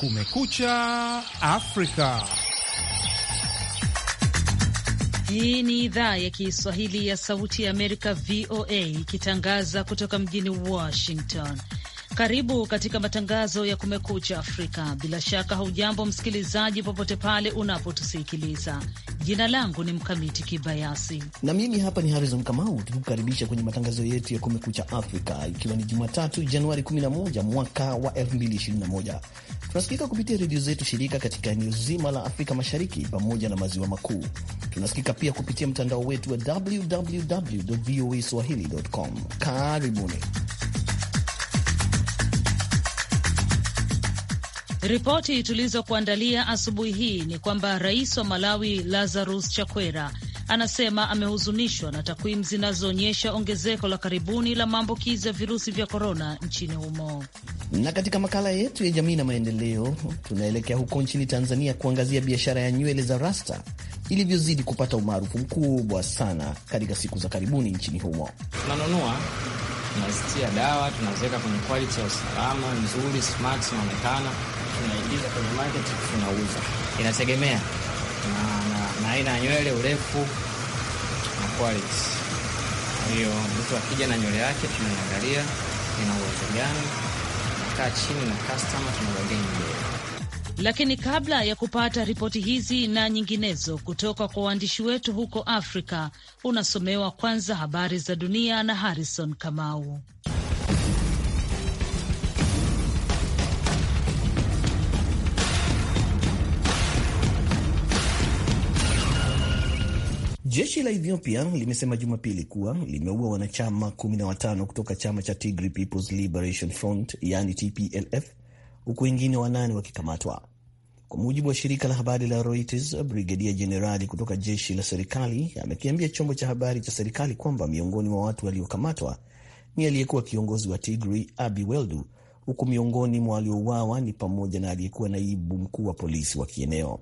Kumekucha Afrika. Hii ni idhaa ya Kiswahili ya Sauti ya Amerika, VOA, ikitangaza kutoka mjini Washington. Karibu katika matangazo ya Kumekucha Afrika. Bila shaka, haujambo msikilizaji, popote pale unapotusikiliza. Jina langu ni Mkamiti Kibayasi na mimi hapa ni Harrison Kamau, tukukaribisha kwenye matangazo yetu ya Kumekucha Afrika, ikiwa ni Jumatatu Januari 11 mwaka wa 2021. Tunasikika kupitia redio zetu shirika katika eneo zima la Afrika Mashariki pamoja na maziwa makuu. Tunasikika pia kupitia mtandao wetu wa www voa swahili.com. Karibuni. Ripoti tulizokuandalia asubuhi hii ni kwamba rais wa Malawi Lazarus Chakwera anasema amehuzunishwa na takwimu zinazoonyesha ongezeko la karibuni la maambukizi ya virusi vya korona nchini humo. Na katika makala yetu ya jamii na maendeleo, tunaelekea huko nchini Tanzania kuangazia biashara ya nywele za rasta ilivyozidi kupata umaarufu mkubwa sana katika siku za karibuni nchini humo. Tunanunua, tunazitia dawa, tunaziweka kwenye quality ya usalama nzuri, smart, inaonekana tunaingiza kwenye market tunauza. Inategemea na aina ya nywele, urefu na quality. Kwa hiyo mtu akija na nywele yake tunaiangalia ina uwezo gani, nakaa chini na customer tunabagia nywele lakini kabla ya kupata ripoti hizi na nyinginezo kutoka kwa waandishi wetu huko Afrika, unasomewa kwanza habari za dunia na Harrison Kamau. Jeshi la Ethiopia limesema Jumapili kuwa limeua wanachama 15 kutoka chama cha Tigray People's Liberation Front, yani TPLF, huku wengine wanane wakikamatwa. Kwa mujibu wa shirika la habari la Reuters, brigedia jenerali kutoka jeshi la serikali amekiambia chombo cha habari cha serikali kwamba miongoni mwa watu waliokamatwa ni aliyekuwa kiongozi wa Tigray Abiy Weldu, huku miongoni mwa waliouawa ni pamoja na aliyekuwa naibu mkuu wa polisi wa kieneo.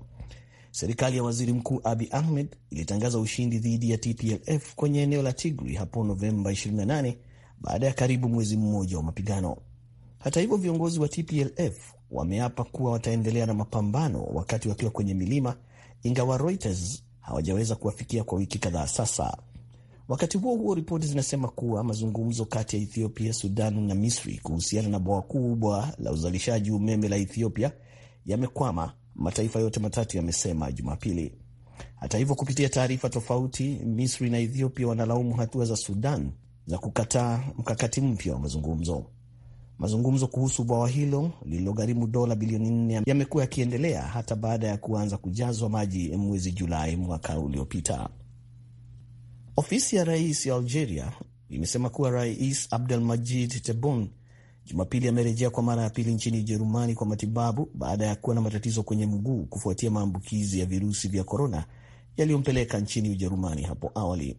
Serikali ya waziri mkuu Abi Ahmed ilitangaza ushindi dhidi ya TPLF kwenye eneo la Tigri hapo Novemba 28 baada ya karibu mwezi mmoja wa mapigano. Hata hivyo, viongozi wa TPLF wameapa kuwa wataendelea na mapambano wakati wakiwa kwenye milima, ingawa Reuters hawajaweza kuwafikia kwa wiki kadhaa sasa. Wakati huo huo, ripoti zinasema kuwa mazungumzo kati ya Ethiopia, Sudan na Misri kuhusiana na bwawa kubwa la uzalishaji umeme la Ethiopia yamekwama mataifa yote matatu yamesema Jumapili. Hata hivyo, kupitia taarifa tofauti, Misri na Ethiopia wanalaumu hatua za Sudan za kukataa mkakati mpya wa mazungumzo. Mazungumzo kuhusu bwawa hilo lililogharimu dola bilioni nne yamekuwa yakiendelea hata baada ya kuanza kujazwa maji mwezi Julai mwaka uliopita. Ofisi ya rais ya Algeria imesema kuwa Rais Abdelmajid Tebboune Jumapili amerejea kwa mara ya pili nchini Ujerumani kwa matibabu baada ya kuwa na matatizo kwenye mguu kufuatia maambukizi ya virusi vya korona yaliyompeleka nchini Ujerumani hapo awali.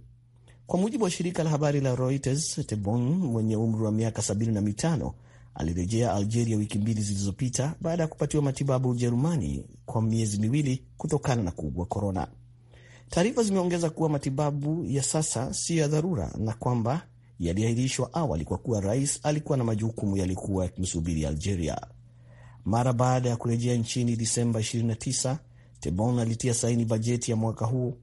Kwa mujibu wa shirika la habari la Reuters, tebon mwenye umri wa miaka 75 alirejea Algeria wiki mbili zilizopita baada ya kupatiwa matibabu Ujerumani kwa miezi miwili kutokana na kuugua korona. Taarifa zimeongeza kuwa matibabu ya sasa siyo ya dharura na kwamba yaliahirishwa awali kwa kuwa rais alikuwa na majukumu yalikuwa yakimsubiri Algeria. Mara baada ya kurejea nchini Disemba 29, Tebon alitia saini bajeti ya mwaka huu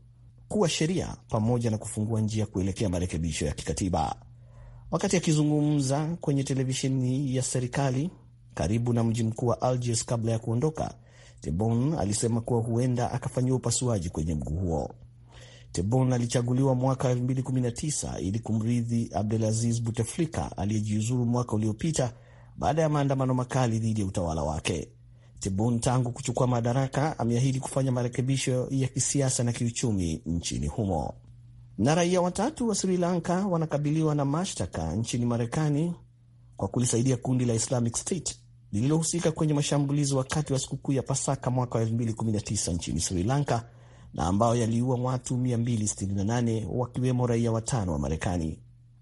kuwa sheria pamoja na kufungua njia kuelekea marekebisho ya kikatiba. Wakati akizungumza kwenye televisheni ya serikali karibu na mji mkuu wa Algiers kabla ya kuondoka, Tebon alisema kuwa huenda akafanyiwa upasuaji kwenye mguu huo. Tebon alichaguliwa mwaka 2019 ili kumrithi Abdelaziz Buteflika aliyejiuzuru mwaka uliopita baada ya maandamano makali dhidi ya utawala wake. Tebon tangu kuchukua madaraka ameahidi kufanya marekebisho ya kisiasa na kiuchumi nchini humo. Na raia watatu wa Sri Lanka wanakabiliwa na mashtaka nchini Marekani kwa kulisaidia kundi la Islamic State lililohusika kwenye mashambulizi wakati wa sikukuu ya Pasaka mwaka 2019 nchini Sri Lanka na ambayo yaliua watu 268 wakiwemo raia watano wa Marekani.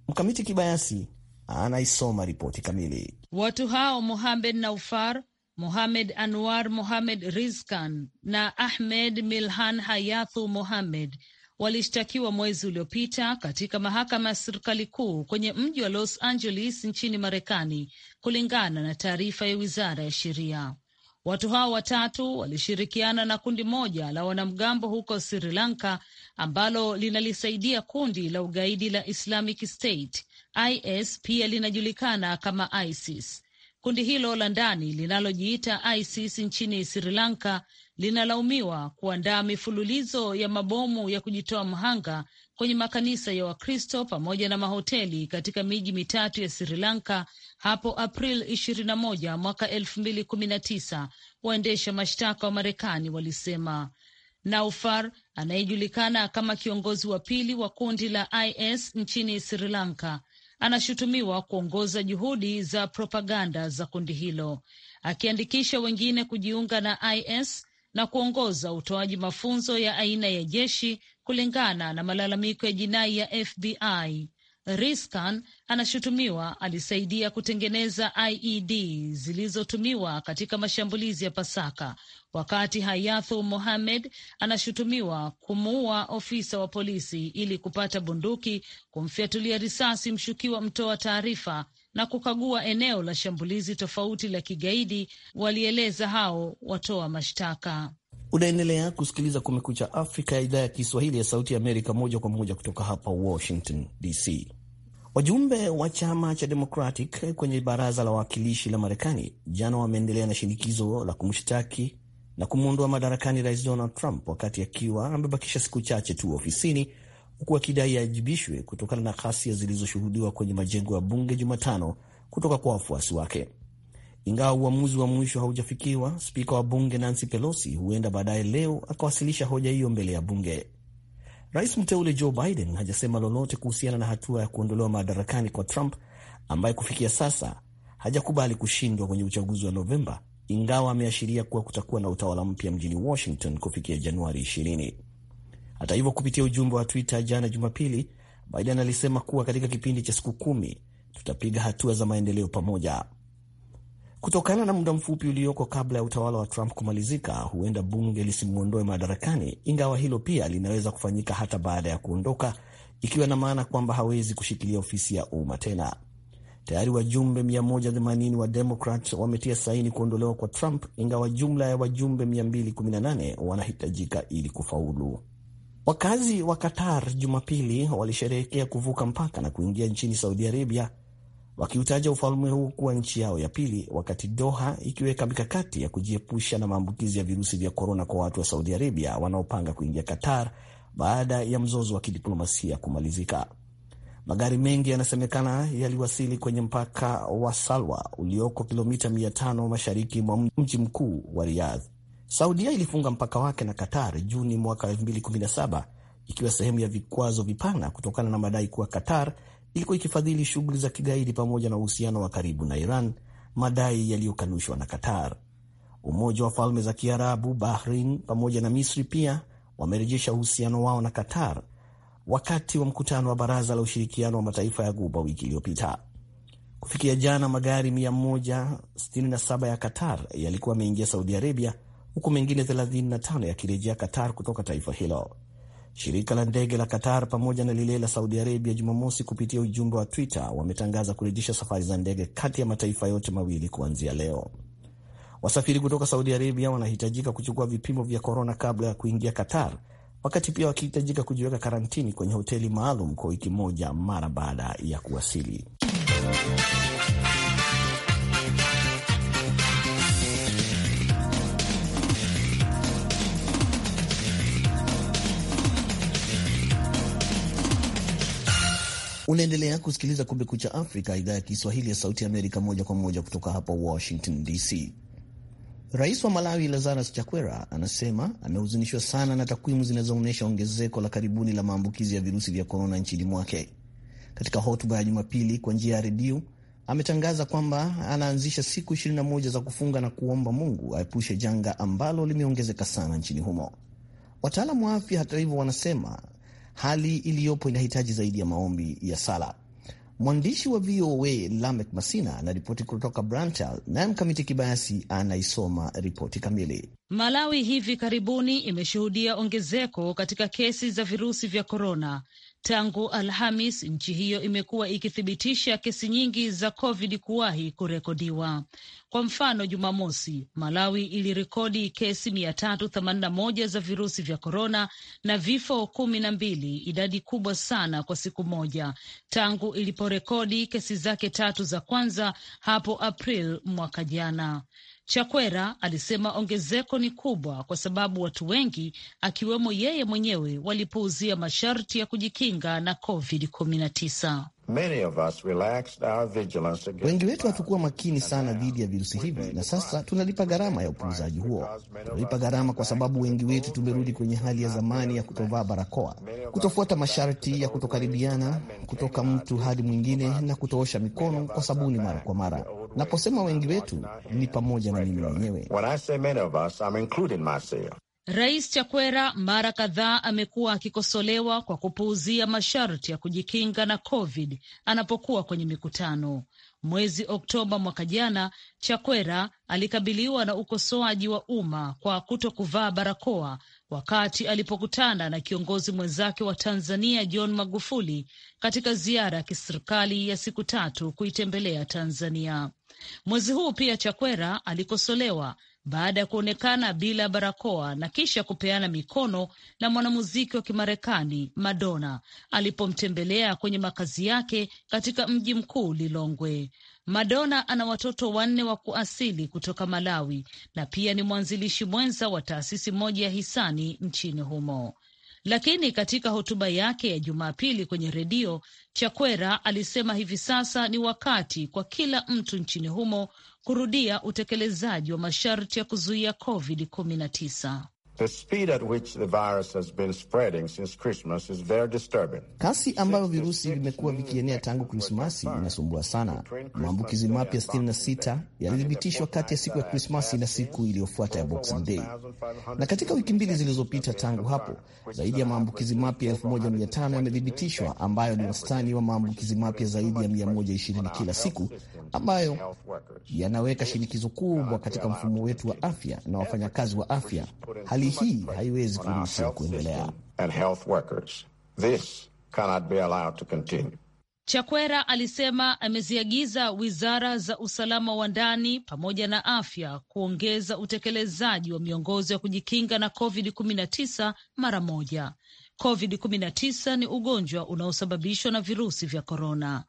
Mkamiti Kibayasi anaisoma ripoti kamili. Watu hao Mohamed Naufar, Mohamed Anwar, Mohamed Rizkan na Ahmed Milhan Hayathu Mohamed walishtakiwa mwezi uliopita katika mahakama ya serikali kuu kwenye mji wa Los Angeles nchini Marekani, kulingana na taarifa ya wizara ya sheria. Watu hao watatu walishirikiana na kundi moja la wanamgambo huko Sri Lanka ambalo linalisaidia kundi la ugaidi la Islamic State IS, pia linajulikana kama ISIS. Kundi hilo la ndani linalojiita ISIS nchini Sri Lanka linalaumiwa kuandaa mifululizo ya mabomu ya kujitoa mhanga kwenye makanisa ya Wakristo pamoja na mahoteli katika miji mitatu ya Sri Lanka hapo April 21 mwaka 2019, waendesha mashtaka wa Marekani walisema. Naufar anayejulikana kama kiongozi wa pili wa kundi la IS nchini Sri Lanka anashutumiwa kuongoza juhudi za propaganda za kundi hilo, akiandikisha wengine kujiunga na IS na kuongoza utoaji mafunzo ya aina ya jeshi, kulingana na malalamiko ya jinai ya FBI. Riskan anashutumiwa alisaidia kutengeneza IED zilizotumiwa katika mashambulizi ya Pasaka, wakati Hayathu Mohamed anashutumiwa kumuua ofisa wa polisi ili kupata bunduki, kumfyatulia risasi mshukiwa mtoa taarifa na kukagua eneo la shambulizi tofauti la kigaidi, walieleza hao watoa mashtaka. Unaendelea kusikiliza Kumekucha Afrika ya idhaa ya Kiswahili ya Sauti ya Amerika, moja kwa moja kutoka hapa Washington DC. Wajumbe wa chama cha Democratic kwenye baraza la wawakilishi la Marekani jana wameendelea na shinikizo la kumshtaki na kumwondoa madarakani Rais Donald Trump wakati akiwa amebakisha siku chache tu ofisini, huku akidai aajibishwe kutokana na ghasia zilizoshuhudiwa kwenye majengo ya bunge Jumatano kutoka kwa wafuasi wake. Ingawa uamuzi wa mwisho haujafikiwa, spika wa bunge Nancy Pelosi huenda baadaye leo akawasilisha hoja hiyo mbele ya bunge. Rais mteule Joe Biden hajasema lolote kuhusiana na hatua ya kuondolewa madarakani kwa Trump ambaye kufikia sasa hajakubali kushindwa kwenye uchaguzi wa Novemba, ingawa ameashiria kuwa kutakuwa na utawala mpya mjini Washington kufikia Januari 20. Hata hivyo, kupitia ujumbe wa Twitter jana Jumapili, Biden alisema kuwa katika kipindi cha siku kumi tutapiga hatua za maendeleo pamoja. Kutokana na muda mfupi ulioko kabla ya utawala wa Trump kumalizika, huenda bunge lisimwondoe madarakani, ingawa hilo pia linaweza kufanyika hata baada ya kuondoka, ikiwa na maana kwamba hawezi kushikilia ofisi ya umma tena. Tayari wajumbe 180 wa demokrat wametia saini kuondolewa kwa Trump, ingawa jumla ya wajumbe 218 wanahitajika ili kufaulu. Wakazi wa Qatar Jumapili walisherehekea kuvuka mpaka na kuingia nchini Saudi Arabia wakiutaja ufalme huu kuwa nchi yao ya pili, wakati Doha ikiweka mikakati ya kujiepusha na maambukizi ya virusi vya korona kwa watu wa Saudi Arabia wanaopanga kuingia Qatar baada ya mzozo wa kidiplomasia kumalizika. Magari mengi yanasemekana yaliwasili kwenye mpaka wa Salwa ulioko kilomita 500 mashariki mwa mji mkuu wa Riyadh. Saudia ilifunga mpaka wake na Qatar Juni mwaka 2017 ikiwa sehemu ya vikwazo vipana kutokana na madai kuwa Qatar ilikuwa ikifadhili shughuli za kigaidi pamoja na uhusiano wa karibu na Iran, madai yaliyokanushwa na Qatar. Umoja wa Falme za Kiarabu, Bahrain pamoja na Misri pia wamerejesha uhusiano wao na Qatar wakati wa mkutano wa Baraza la Ushirikiano wa Mataifa ya guba wiki iliyopita. Kufikia jana, magari 167 ya Qatar yalikuwa yameingia Saudi Arabia, huku mengine 35 yakirejea Qatar kutoka taifa hilo. Shirika la ndege la Qatar pamoja na lile la Saudi Arabia Jumamosi kupitia ujumbe wa Twitter wametangaza kurejesha safari za ndege kati ya mataifa yote mawili kuanzia leo. Wasafiri kutoka Saudi Arabia wanahitajika kuchukua vipimo vya korona kabla ya kuingia Qatar, wakati pia wakihitajika kujiweka karantini kwenye hoteli maalum kwa wiki moja mara baada ya kuwasili. Unaendelea kusikiliza Kumekucha Afrika, idhaa ya Kiswahili ya Sauti Amerika, moja kwa moja kutoka hapa Washington DC. Rais wa Malawi Lazarus Chakwera anasema amehuzunishwa sana na takwimu zinazoonyesha ongezeko la karibuni la maambukizi ya virusi vya korona nchini mwake. Katika hotuba ya Jumapili kwa njia ya redio, ametangaza kwamba anaanzisha siku 21 za kufunga na kuomba Mungu aepushe janga ambalo limeongezeka sana nchini humo. Wataalamu wa afya hata hivyo, wanasema Hali iliyopo inahitaji zaidi ya maombi ya sala. Mwandishi wa VOA Lamek Masina anaripoti kutoka Branchal, naye Mkamiti Kibayasi anaisoma ripoti kamili. Malawi hivi karibuni imeshuhudia ongezeko katika kesi za virusi vya korona Tangu Alhamis, nchi hiyo imekuwa ikithibitisha kesi nyingi za COVID kuwahi kurekodiwa. Kwa mfano, Jumamosi Malawi ilirekodi kesi mia tatu moja za virusi vya korona na vifo kumi na mbili, idadi kubwa sana kwa siku moja tangu iliporekodi kesi zake tatu za kwanza hapo April mwaka jana. Chakwera alisema ongezeko ni kubwa kwa sababu watu wengi akiwemo yeye mwenyewe walipuuzia masharti ya kujikinga na COVID-19. Wengi wetu hatukuwa makini sana dhidi ya virusi hivi, na sasa tunalipa gharama ya upuuzaji huo. Tunalipa gharama kwa sababu wengi wetu tumerudi kwenye hali ya zamani ya kutovaa barakoa, kutofuata masharti ya kutokaribiana kutoka mtu hadi mwingine, na kutoosha mikono kwa sabuni mara kwa mara. Naposema wengi wetu ni pamoja na mimi mwenyewe. Rais Chakwera mara kadhaa amekuwa akikosolewa kwa kupuuzia masharti ya kujikinga na COVID anapokuwa kwenye mikutano. Mwezi Oktoba mwaka jana, Chakwera alikabiliwa na ukosoaji wa umma kwa kuto kuvaa barakoa wakati alipokutana na kiongozi mwenzake wa Tanzania John Magufuli katika ziara ya kiserikali ya siku tatu kuitembelea Tanzania. Mwezi huu pia Chakwera alikosolewa baada ya kuonekana bila barakoa na kisha kupeana mikono na mwanamuziki wa Kimarekani Madonna alipomtembelea kwenye makazi yake katika mji mkuu Lilongwe. Madona ana watoto wanne wa kuasili kutoka Malawi na pia ni mwanzilishi mwenza wa taasisi moja ya hisani nchini humo. Lakini katika hotuba yake ya Jumapili kwenye redio, Chakwera alisema hivi sasa ni wakati kwa kila mtu nchini humo kurudia utekelezaji wa masharti ya kuzuia COVID-19. Kasi ambayo virusi vimekuwa vikienea tangu Krismasi inasumbua sana. Maambukizi mapya 66 yalithibitishwa kati ya siku ya Krismasi na siku iliyofuata ya Boxing Day, na katika wiki mbili zilizopita tangu hapo, zaidi ya maambukizi mapya 1500 yamethibitishwa, ambayo ni wastani wa maambukizi mapya zaidi ya 120 kila siku, ambayo yanaweka shinikizo kubwa katika mfumo wetu wa afya na wafanyakazi wa afya hali hii haiwezi kuruhusiwa kuendelea. Chakwera alisema ameziagiza wizara za usalama wa ndani pamoja na afya kuongeza utekelezaji wa miongozo ya kujikinga na COVID-19 mara moja. COVID-19 ni ugonjwa unaosababishwa na virusi vya korona.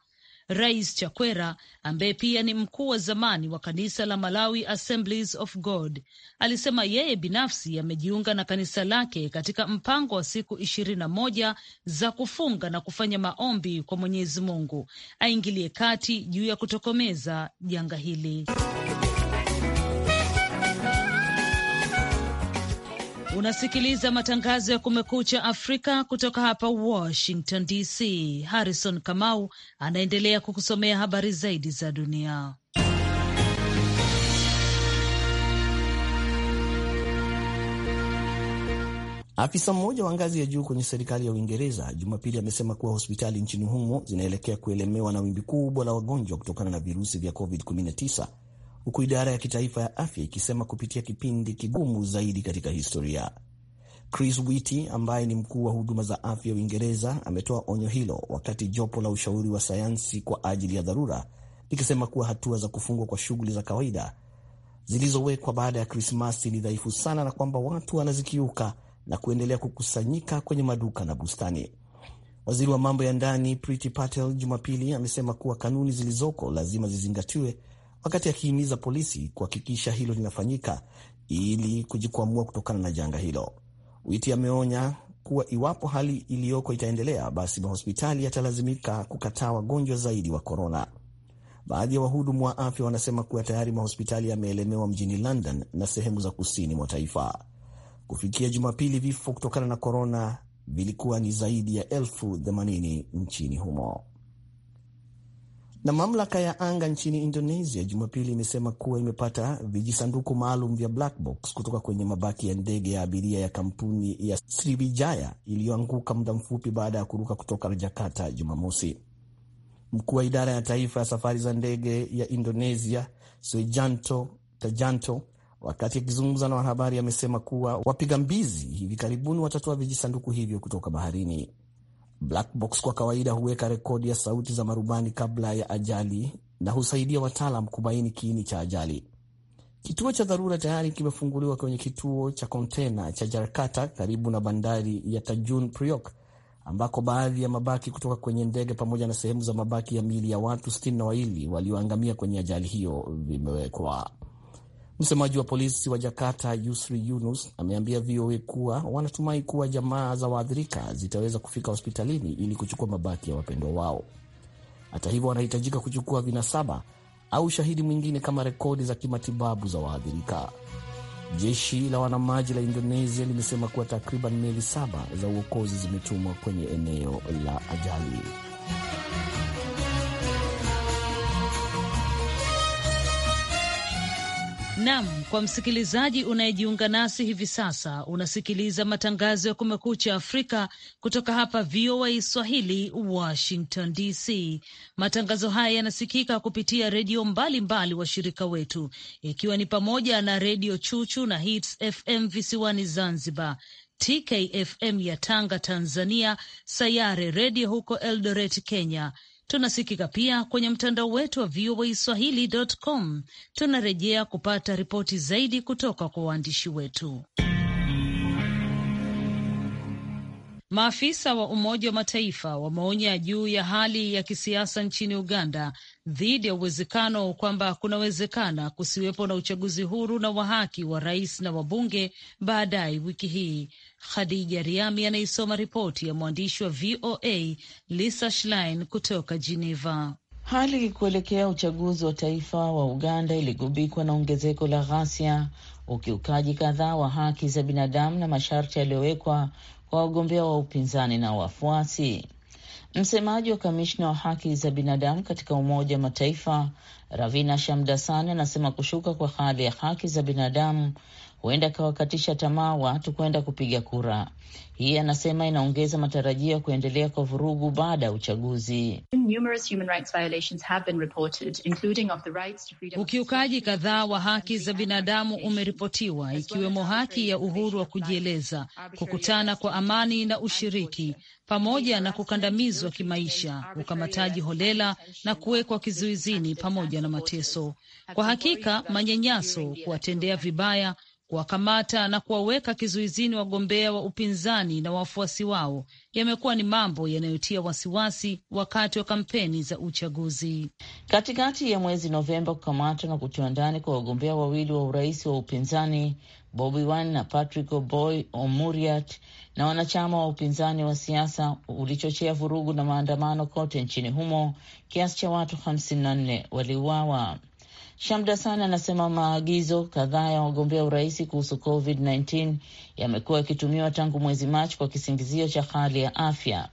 Rais Chakwera ambaye pia ni mkuu wa zamani wa kanisa la Malawi Assemblies of God alisema yeye binafsi amejiunga na kanisa lake katika mpango wa siku ishirini na moja za kufunga na kufanya maombi kwa Mwenyezi Mungu aingilie kati juu ya kutokomeza janga hili. Unasikiliza matangazo ya Kumekucha Afrika kutoka hapa Washington DC. Harrison Kamau anaendelea kukusomea habari zaidi za dunia. Afisa mmoja wa ngazi ya juu kwenye serikali ya Uingereza Jumapili amesema kuwa hospitali nchini humo zinaelekea kuelemewa na wimbi kubwa la wagonjwa kutokana na virusi vya COVID-19 huku idara ya kitaifa ya afya ikisema kupitia kipindi kigumu zaidi katika historia. Chris Whitty ambaye ni mkuu wa huduma za afya Uingereza ametoa onyo hilo wakati jopo la ushauri wa sayansi kwa ajili ya dharura likisema kuwa hatua za kufungwa kwa shughuli za kawaida zilizowekwa baada ya Krismasi ni dhaifu sana na kwamba watu wanazikiuka na kuendelea kukusanyika kwenye maduka na bustani. Waziri wa mambo ya ndani Priti Patel Jumapili amesema kuwa kanuni zilizoko lazima zizingatiwe wakati akihimiza polisi kuhakikisha hilo linafanyika ili kujikwamua kutokana na janga hilo. Witi ameonya kuwa iwapo hali iliyoko itaendelea, basi mahospitali yatalazimika kukataa wagonjwa zaidi wa korona. Baadhi ya wahudumu wa afya wanasema kuwa tayari mahospitali yameelemewa mjini London na sehemu za kusini mwa taifa. Kufikia Jumapili, vifo kutokana na korona vilikuwa ni zaidi ya elfu themanini nchini humo. Na mamlaka ya anga nchini Indonesia Jumapili imesema kuwa imepata vijisanduku maalum vya black box kutoka kwenye mabaki ya ndege ya abiria ya kampuni ya Sriwijaya iliyoanguka muda mfupi baada ya kuruka kutoka Jakarta Jumamosi. Mkuu wa idara ya taifa ya safari za ndege ya Indonesia Sujanto Tajanto, wakati akizungumza na wanahabari, amesema kuwa wapiga mbizi hivi karibuni watatoa vijisanduku hivyo kutoka baharini. Black box kwa kawaida huweka rekodi ya sauti za marubani kabla ya ajali na husaidia wataalam kubaini kiini cha ajali. Kituo cha dharura tayari kimefunguliwa kwenye kituo cha kontena cha Jakarta karibu na bandari ya Tanjung Priok ambako baadhi ya mabaki kutoka kwenye ndege pamoja na sehemu za mabaki ya miili ya watu sitini na wawili walioangamia kwenye ajali hiyo vimewekwa. Msemaji wa polisi wa Jakarta, Yusri Yunus, ameambia VOA kuwa wanatumai kuwa jamaa za waathirika zitaweza kufika hospitalini ili kuchukua mabaki ya wapendwa wao. Hata hivyo, wanahitajika kuchukua vinasaba au shahidi mwingine kama rekodi za kimatibabu za waathirika. Jeshi la wanamaji la Indonesia limesema kuwa takriban meli saba za uokozi zimetumwa kwenye eneo la ajali. Nam, kwa msikilizaji unayejiunga nasi hivi sasa, unasikiliza matangazo ya Kumekucha Afrika kutoka hapa VOA Swahili, Washington DC. Matangazo haya yanasikika kupitia redio mbalimbali washirika wetu, ikiwa ni pamoja na Redio Chuchu na Hits FM visiwani Zanzibar, TKFM ya Tanga Tanzania, Sayare Redio huko Eldoret Kenya, Tunasikika pia kwenye mtandao wetu wa VOA Swahili.com. Tunarejea kupata ripoti zaidi kutoka kwa waandishi wetu. Maafisa wa Umoja wa Mataifa wameonya juu ya hali ya kisiasa nchini Uganda dhidi ya uwezekano kwamba kunawezekana kusiwepo na uchaguzi huru na wa haki wa rais na wabunge baadaye wiki hii. Khadija Riami anaisoma ripoti ya mwandishi wa VOA Lisa Schlein kutoka Geneva. Hali kuelekea uchaguzi wa taifa wa Uganda iligubikwa na ongezeko la ghasia, ukiukaji kadhaa wa haki za binadamu na masharti yaliyowekwa kwa wagombea wa upinzani na wafuasi. Msemaji wa kamishna wa haki za binadamu katika Umoja wa Mataifa Ravina Shamdasani anasema kushuka kwa hali ya haki za binadamu huenda akawakatisha tamaa watu kwenda kupiga kura. Hii anasema inaongeza matarajio ya kuendelea kwa vurugu baada ya uchaguzi. Ukiukaji kadhaa wa haki za binadamu umeripotiwa, ikiwemo haki ya uhuru wa kujieleza, kukutana kwa amani na ushiriki, pamoja na kukandamizwa kimaisha, ukamataji holela na kuwekwa kizuizini, pamoja na mateso. Kwa hakika manyanyaso, kuwatendea vibaya kuwakamata na kuwaweka kizuizini wagombea wa upinzani na wafuasi wao yamekuwa ni mambo yanayotia wasiwasi wakati wa kampeni za uchaguzi. Katikati ya mwezi Novemba, kukamatwa na kutiwa ndani kwa wagombea wawili wa urais wa upinzani Bobi Wine na Patrick Oboy Omuriat na wanachama wa upinzani wa siasa ulichochea vurugu na maandamano kote nchini humo, kiasi cha watu 54 waliuawa. Shamdasan anasema maagizo kadhaa ya wagombea urais kuhusu COVID-19 yamekuwa yakitumiwa tangu mwezi Machi kwa kisingizio cha hali ya afya.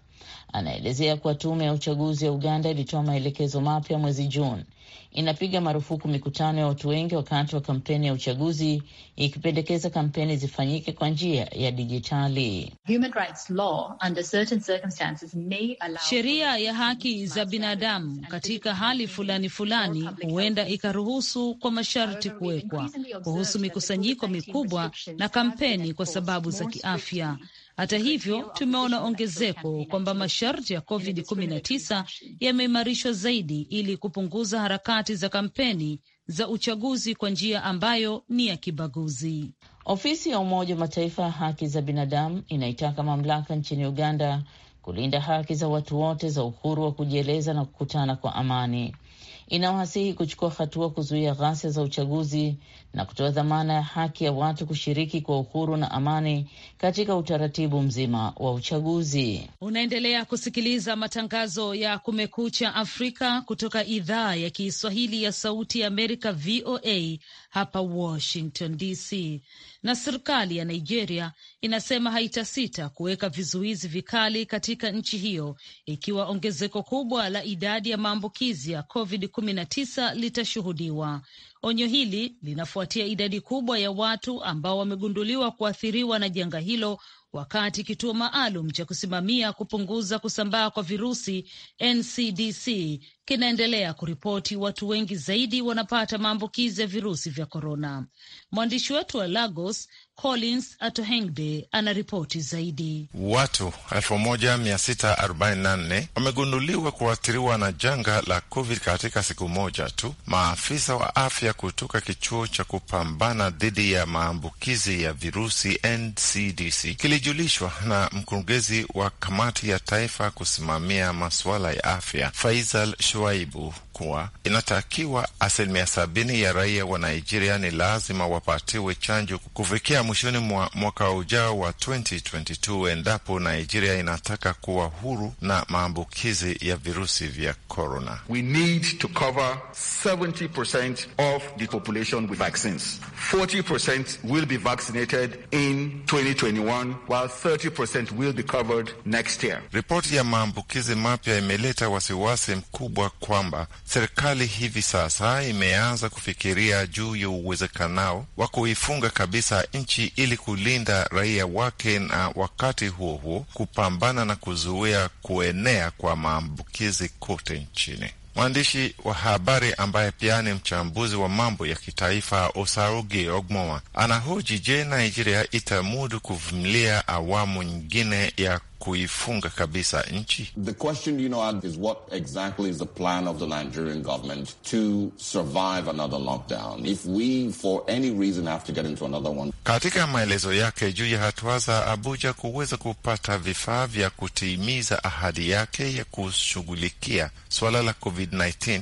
Anaelezea kuwa tume ya uchaguzi ya Uganda ilitoa maelekezo mapya mwezi Juni inapiga marufuku mikutano ya watu wengi wakati wa kampeni ya uchaguzi, ikipendekeza kampeni zifanyike kwa njia ya dijitali. Sheria ya haki za binadamu katika hali fulani fulani huenda ikaruhusu kwa masharti kuwekwa kuhusu mikusanyiko mikubwa na kampeni kwa sababu za kiafya. Hata hivyo, tumeona ongezeko kwamba masharti ya COVID-19 yameimarishwa zaidi ili kupunguza harakati za kampeni za uchaguzi kwa njia ambayo ni ya kibaguzi. Ofisi ya Umoja wa Mataifa ya haki za binadamu inaitaka mamlaka nchini Uganda kulinda haki za watu wote za uhuru wa kujieleza na kukutana kwa amani inawasihi kuchukua hatua kuzuia ghasia za uchaguzi na kutoa dhamana ya haki ya watu kushiriki kwa uhuru na amani katika utaratibu mzima wa uchaguzi. Unaendelea kusikiliza matangazo ya Kumekucha Afrika kutoka idhaa ya Kiswahili ya Sauti ya Amerika, VOA hapa Washington DC. Na serikali ya Nigeria inasema haitasita kuweka vizuizi vikali katika nchi hiyo ikiwa ongezeko kubwa la idadi ya maambukizi ya COVID 19 litashuhudiwa. Onyo hili linafuatia idadi kubwa ya watu ambao wamegunduliwa kuathiriwa na janga hilo wakati kituo maalum cha kusimamia kupunguza kusambaa kwa virusi NCDC kinaendelea kuripoti watu wengi zaidi wanapata maambukizi ya virusi vya korona. Mwandishi wetu wa Lagos Collins Atohengde anaripoti zaidi. Watu 1644 wamegunduliwa kuathiriwa na janga la COVID katika siku moja tu. Maafisa wa afya kutoka kichuo cha kupambana dhidi ya maambukizi ya virusi NCDC kilijulishwa na mkurugenzi wa kamati ya taifa kusimamia masuala ya afya Faisal Shuaibu kuwa inatakiwa asilimia sabini ya raia wa Nigeria ni lazima wapatiwe chanjo kufikia mwishoni mwa mwaka ujao wa 2022 endapo Nigeria inataka kuwa huru na maambukizi ya virusi vya korona. We need to cover 70% of the population with vaccines. 40% will be vaccinated in 2021 while 30% will be covered next year. Ripoti ya maambukizi mapya imeleta wasiwasi mkubwa kwamba serikali hivi sasa imeanza kufikiria juu ya uwezekanao wa kuifunga kabisa nchi nchi ili kulinda raia wake na wakati huo huo kupambana na kuzuia kuenea kwa maambukizi kote nchini. Mwandishi wa habari ambaye pia ni mchambuzi wa mambo ya kitaifa Osarugi Ogmoa anahoji je, Nigeria itamudu kuvumilia awamu nyingine ya kuifunga kabisa nchi? The question you know is what exactly is the plan of the Nigerian government to survive another lockdown if we for any reason have to get into another one. Katika maelezo yake juu ya hatua za Abuja kuweza kupata vifaa vya kutimiza ahadi yake ya kushughulikia suala la COVID-19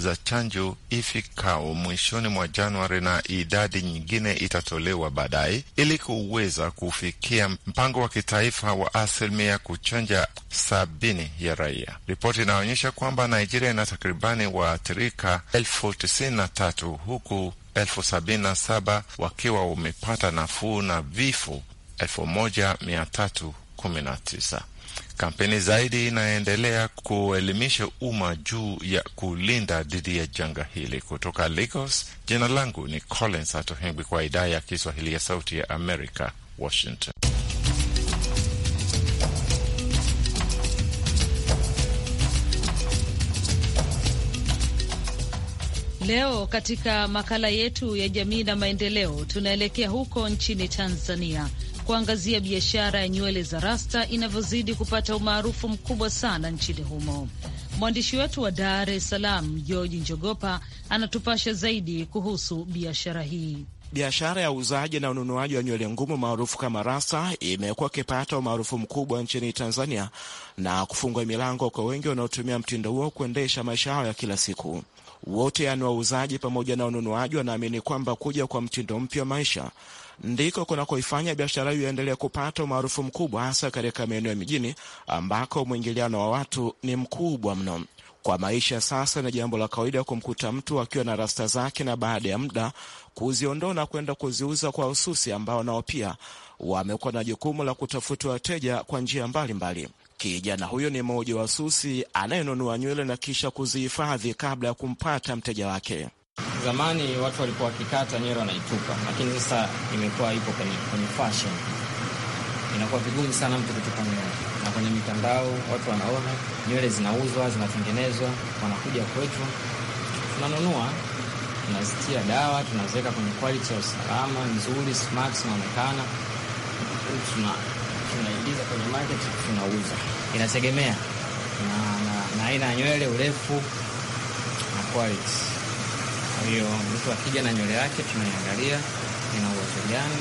za chanjo ifikao mwishoni mwa Januari na idadi nyingine itatolewa baadaye ili kuweza kufikia mpango wa kitaifa wa asilimia kuchanja sabini ya raia. Ripoti inaonyesha kwamba Nigeria ina takribani waathirika elfu tisini na tatu huku elfu sabini na saba wakiwa wamepata nafuu na vifo elfu moja mia tatu kumi na tisa. Kampeni zaidi inaendelea kuelimisha umma juu ya kulinda dhidi ya janga hili. Kutoka Lagos, jina langu ni Collins Atohengwi kwa idhaa ya Kiswahili ya Sauti ya Amerika, Washington. Leo katika makala yetu ya jamii na maendeleo tunaelekea huko nchini Tanzania kuangazia biashara ya nywele za rasta inavyozidi kupata umaarufu mkubwa sana nchini humo. Mwandishi wetu wa Dar es Salaam George Njogopa anatupasha zaidi kuhusu biashara hii. Biashara ya uuzaji na ununuaji wa nywele ngumu maarufu kama rasta imekuwa ikipata umaarufu mkubwa nchini Tanzania na kufungua milango kwa wengi wanaotumia mtindo huo kuendesha maisha yao ya kila siku. Wote yani wauzaji pamoja na ununuaji wanaamini kwamba kuja kwa mtindo mpya wa maisha ndiko kunakoifanya biashara hiyo iendelee kupata umaarufu mkubwa, hasa katika maeneo ya mijini ambako mwingiliano wa watu ni mkubwa mno. Kwa maisha sasa ni jambo la kawaida kumkuta mtu akiwa na rasta zake na baada ya muda kuziondoa na kwenda kuziuza kwa hususi, ambao nao pia wamekuwa na jukumu la kutafuta wateja kwa njia mbalimbali. Kijana huyo ni mmoja wa susi anayenunua nywele na kisha kuzihifadhi kabla ya kumpata mteja wake. Zamani watu walikuwa wakikata nywele wanaitupa, lakini sasa imekuwa ipo kwenye, kwenye fashion. Inakuwa vigumu sana mtu kutupa nywele, na kwenye mitandao watu wanaona nywele zinauzwa, zinatengenezwa, wanakuja kwetu, tunanunua, tunazitia dawa, tunaziweka kwenye quality ya usalama nzuri, smart, zinaonekana, tunaingiza kwenye market, tunauza. Inategemea na aina ya nywele, urefu na quality kwa hiyo mtu akija na nywele yake tunaiangalia ina uwezo gani,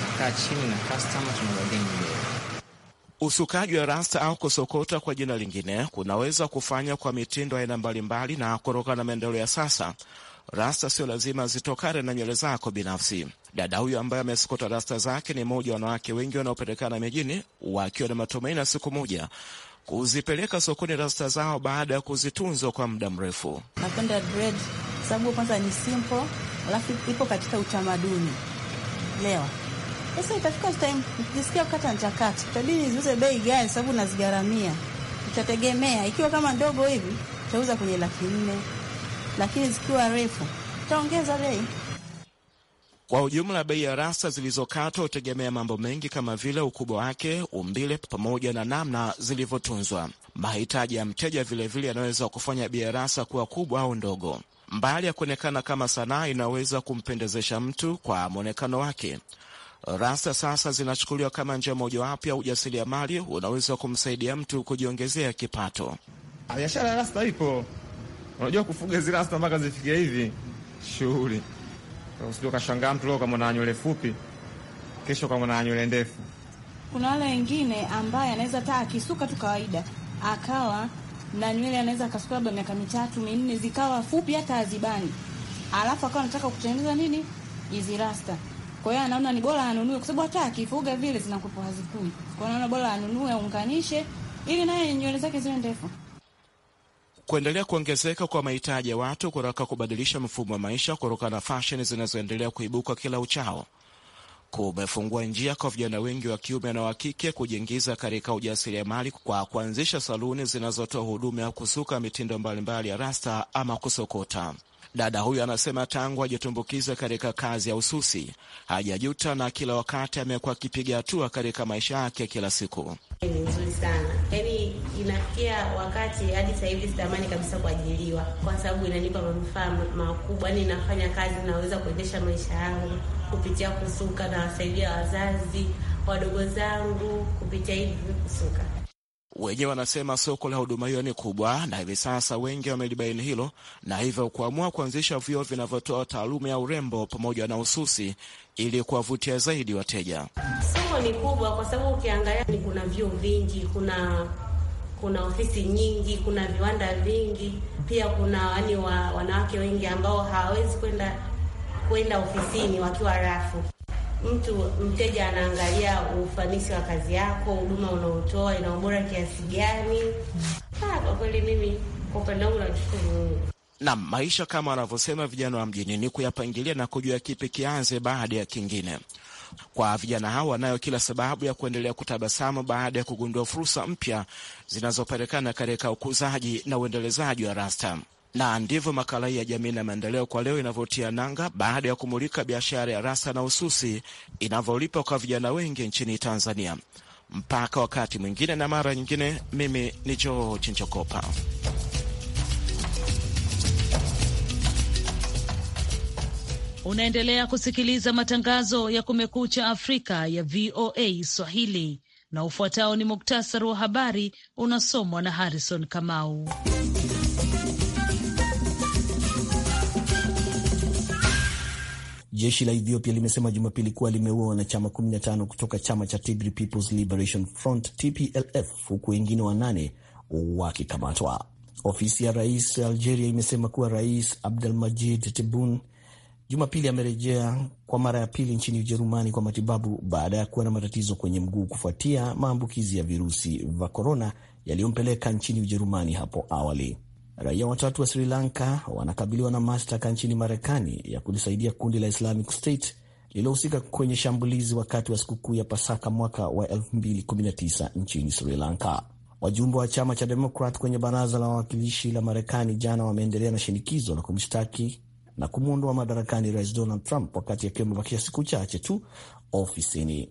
nakaa chini na customer tunabadia nywele. Usukaji wa rasta au kusokota kwa jina lingine kunaweza kufanya kwa mitindo aina mbalimbali, na kutokana na maendeleo ya sasa, rasta sio lazima zitokane na nywele zako binafsi. Dada huyo ambaye amesokota rasta zake ni mmoja wa wanawake wengi wanaopatikana mijini wakiwa na matumaini ya siku moja kuzipeleka sokoni rasta zao baada ya kuzitunzwa kwa muda mrefu. Napenda dread sababu kwanza ni simple, alafu ipo katika utamaduni leo. Sasa itafika time nisikia kukata nchakati, itabidi niziuze bei gani? Sababu nazigharamia, itategemea. Ikiwa kama ndogo hivi tauza kwenye laki nne, lakini zikiwa refu taongeza bei. Kwa ujumla bei ya rasta zilizokatwa hutegemea mambo mengi kama vile ukubwa wake, umbile, pamoja na namna zilivyotunzwa. Mahitaji ya mteja vilevile yanaweza kufanya bei ya rasta kuwa kubwa au ndogo. Mbali ya kuonekana kama sanaa inaweza kumpendezesha mtu kwa mwonekano wake, rasta sasa zinachukuliwa kama njia mojawapo ya ujasiriamali unaweza kumsaidia mtu kujiongezea kipato. Biashara ya rasta ipo, unajua kufuga hizi rasta mpaka zifikia hivi shughuli. Usije ukashangaa mtu leo kama na nywele fupi, kesho kama na nywele ndefu. Kuna wale wengine ambaye anaweza taa akisuka tu kawaida akawa na nywele anaweza akasukua labda miaka mitatu minne zikawa fupi hata azibani, alafu akawa anataka kutengeneza nini hizi rasta. Kwa hiyo anaona ni bora anunue, kwa sababu hata akifuga vile zinakupa hazikui. Kwa hiyo anaona bora anunue, aunganishe ili naye nywele zake ziwe ndefu. Kuendelea kuongezeka kwa mahitaji ya watu kutaka kubadilisha mfumo wa maisha kutokana na fashion zinazoendelea kuibuka kila uchao kumefungua njia kwa vijana wengi wa kiume na wa kike kujiingiza katika ujasiriamali kwa kuanzisha saluni zinazotoa huduma ya kusuka mitindo mbalimbali ya rasta ama kusokota. Dada huyu anasema tangu ajitumbukiza katika kazi ya ususi hajajuta na kila wakati amekuwa akipiga hatua katika maisha yake kila siku. Ni nzuri sana, yaani inafikia wakati hadi sasa hivi sitamani kabisa kuajiriwa, kwa sababu inanipa manufaa makubwa, yani inafanya kazi, naweza kuendesha maisha yangu kupitia kusuka, nawasaidia wazazi wadogo zangu kupitia hivi kusuka. Wenyewe wanasema soko la huduma hiyo ni kubwa, na hivi sasa wengi wamelibaini hilo, na hivyo kuamua kuanzisha vyuo vinavyotoa taaluma ya urembo pamoja na ususi ili kuwavutia zaidi wateja. Soko ni kubwa kwa sababu ukiangalia, ni kuna vyuo vingi, kuna kuna ofisi nyingi, kuna viwanda vingi, pia kuna wani wa, wanawake wengi ambao hawawezi kwenda kwenda ofisini wakiwa rafu. Mtu mteja anaangalia ufanisi wa kazi yako, huduma unaotoa ina ubora kiasi gani? Ah, kwa kweli mimi kwa upande wangu namshukuru na maisha kama wanavyosema vijana wa mjini ni kuyapangilia na kujua kipi kianze baada ya kingine. Kwa vijana hao wanayo kila sababu ya kuendelea kutabasamu baada ya kugundua fursa mpya zinazopatikana katika ukuzaji na uendelezaji wa rasta na ndivyo makala hii ya jamii na maendeleo kwa leo inavyotia nanga baada ya kumulika biashara ya rasta na ususi inavyolipa kwa vijana wengi nchini Tanzania. Mpaka wakati mwingine na mara nyingine, mimi ni George Njokopa. Unaendelea kusikiliza matangazo ya Kumekucha Afrika ya VOA Swahili, na ufuatao ni muktasari wa habari unasomwa na Harrison Kamau. Jeshi la Ethiopia limesema Jumapili kuwa limeua wanachama 15 kutoka chama cha Tigray People's Liberation Front TPLF, huku wengine wanane wakikamatwa. Ofisi ya rais Algeria imesema kuwa rais Abdelmadjid Tebboune Jumapili amerejea kwa mara ya pili nchini Ujerumani kwa matibabu baada ya kuwa na matatizo kwenye mguu kufuatia maambukizi ya virusi vya korona yaliyompeleka nchini Ujerumani hapo awali. Raia watatu wa Sri Lanka wanakabiliwa na mashtaka nchini Marekani ya kulisaidia kundi la Islamic State lililohusika kwenye shambulizi wakati wa sikukuu ya Pasaka mwaka wa 2019 nchini Sri Lanka. Wajumbe wa chama cha Demokrat kwenye baraza la wawakilishi la Marekani jana wameendelea na shinikizo la kumshtaki na kumwondoa madarakani rais Donald Trump wakati akiwa amebakia siku chache tu ofisini.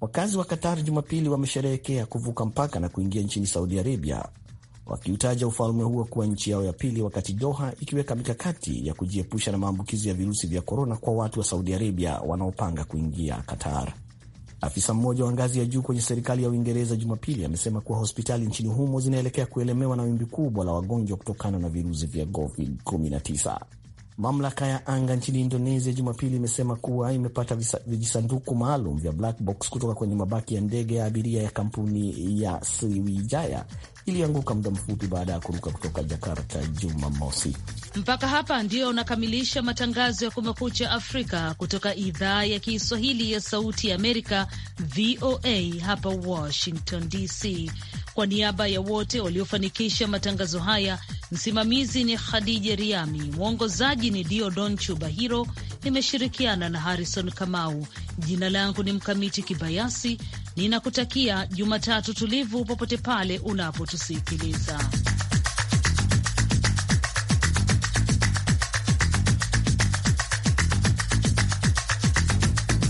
Wakazi wa Katar Jumapili wamesherehekea kuvuka mpaka na kuingia nchini Saudi Arabia, wakiutaja ufalme huo kuwa nchi yao ya pili, wakati Doha ikiweka mikakati ya kujiepusha na maambukizi ya virusi vya korona kwa watu wa Saudi Arabia wanaopanga kuingia Qatar. Afisa mmoja wa ngazi ya juu kwenye serikali ya Uingereza Jumapili amesema kuwa hospitali nchini humo zinaelekea kuelemewa na wimbi kubwa la wagonjwa kutokana na virusi vya COVID-19. Mamlaka ya anga nchini Indonesia Jumapili imesema kuwa imepata vijisanduku maalum vya black box kutoka kwenye mabaki ya ndege ya abiria ya kampuni ya Sriwijaya ilianguka muda mfupi baada ya kuruka kutoka Jakarta Jumamosi. Mpaka hapa ndio unakamilisha matangazo ya Kumekucha Afrika kutoka idhaa ya Kiswahili ya Sauti ya Amerika, VOA hapa Washington DC. Kwa niaba ya wote waliofanikisha matangazo haya, msimamizi ni Khadija Riami, mwongozaji ni Diodon Chubahiro, nimeshirikiana na Harrison Kamau. Jina langu ni Mkamiti Kibayasi. Ninakutakia Jumatatu tulivu popote pale unapotusikiliza.